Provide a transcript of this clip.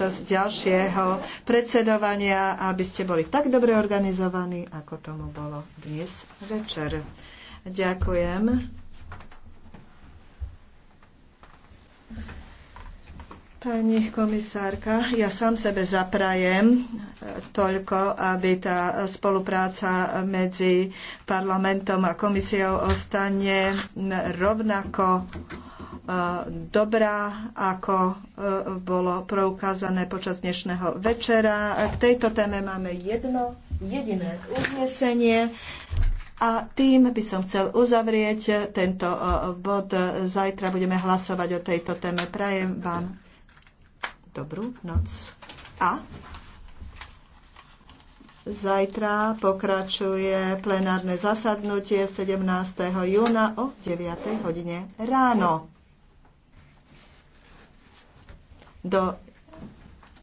počas ďalšieho predsedovania, aby ste boli tak dobre organizovaní, ako tomu bolo dnes večer. Ďakujem. Pani komisárka, ja sám sebe zaprajem toľko, aby tá spolupráca medzi parlamentom a komisiou ostane rovnako dobrá, ako e, bolo preukázané počas dnešného večera. K tejto téme máme jedno jediné uznesenie. A tým by som chcel uzavrieť tento e, bod. Zajtra budeme hlasovať o tejto téme. Prajem vám dobrú noc. A zajtra pokračuje plenárne zasadnutie 17. júna o 9. hodine ráno do